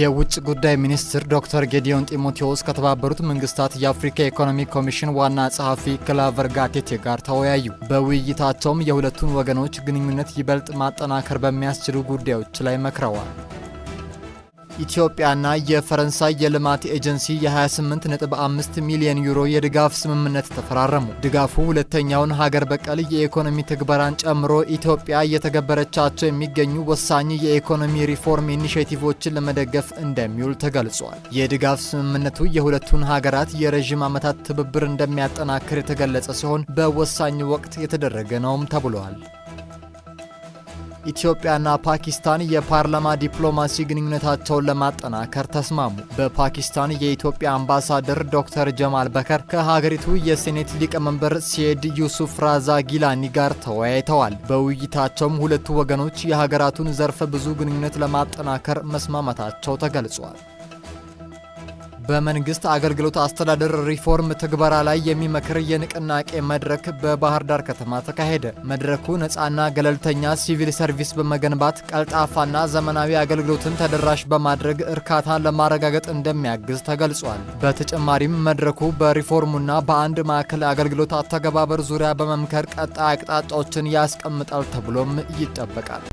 የውጭ ጉዳይ ሚኒስትር ዶክተር ጌዲዮን ጢሞቴዎስ ከተባበሩት መንግስታት የአፍሪካ ኢኮኖሚ ኮሚሽን ዋና ጸሐፊ ክላቨር ጋቴቴ ጋር ተወያዩ። በውይይታቸውም የሁለቱን ወገኖች ግንኙነት ይበልጥ ማጠናከር በሚያስችሉ ጉዳዮች ላይ መክረዋል። ኢትዮጵያና የፈረንሳይ የልማት ኤጀንሲ የ28.5 ሚሊዮን ዩሮ የድጋፍ ስምምነት ተፈራረሙ። ድጋፉ ሁለተኛውን ሀገር በቀል የኢኮኖሚ ትግበራን ጨምሮ ኢትዮጵያ እየተገበረቻቸው የሚገኙ ወሳኝ የኢኮኖሚ ሪፎርም ኢኒሽቲቮችን ለመደገፍ እንደሚውል ተገልጿል። የድጋፍ ስምምነቱ የሁለቱን ሀገራት የረዥም ዓመታት ትብብር እንደሚያጠናክር የተገለጸ ሲሆን በወሳኝ ወቅት የተደረገ ነውም ተብሏል። ኢትዮጵያና ፓኪስታን የፓርላማ ዲፕሎማሲ ግንኙነታቸውን ለማጠናከር ተስማሙ። በፓኪስታን የኢትዮጵያ አምባሳደር ዶክተር ጀማል በከር ከሀገሪቱ የሴኔት ሊቀመንበር ሴድ ዩሱፍ ራዛ ጊላኒ ጋር ተወያይተዋል። በውይይታቸውም ሁለቱ ወገኖች የሀገራቱን ዘርፈ ብዙ ግንኙነት ለማጠናከር መስማማታቸው ተገልጿል። በመንግስት አገልግሎት አስተዳደር ሪፎርም ትግበራ ላይ የሚመክር የንቅናቄ መድረክ በባህር ዳር ከተማ ተካሄደ። መድረኩ ነፃና ገለልተኛ ሲቪል ሰርቪስ በመገንባት ቀልጣፋና ዘመናዊ አገልግሎትን ተደራሽ በማድረግ እርካታን ለማረጋገጥ እንደሚያግዝ ተገልጿል። በተጨማሪም መድረኩ በሪፎርሙና በአንድ ማዕከል አገልግሎት አተገባበር ዙሪያ በመምከር ቀጣይ አቅጣጫዎችን ያስቀምጣል ተብሎም ይጠበቃል።